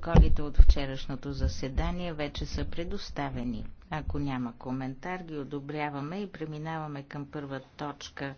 Протоколите от вчерашното заседание вече са предоставени. Ако няма коментар, ги одобряваме и преминаваме към първа точка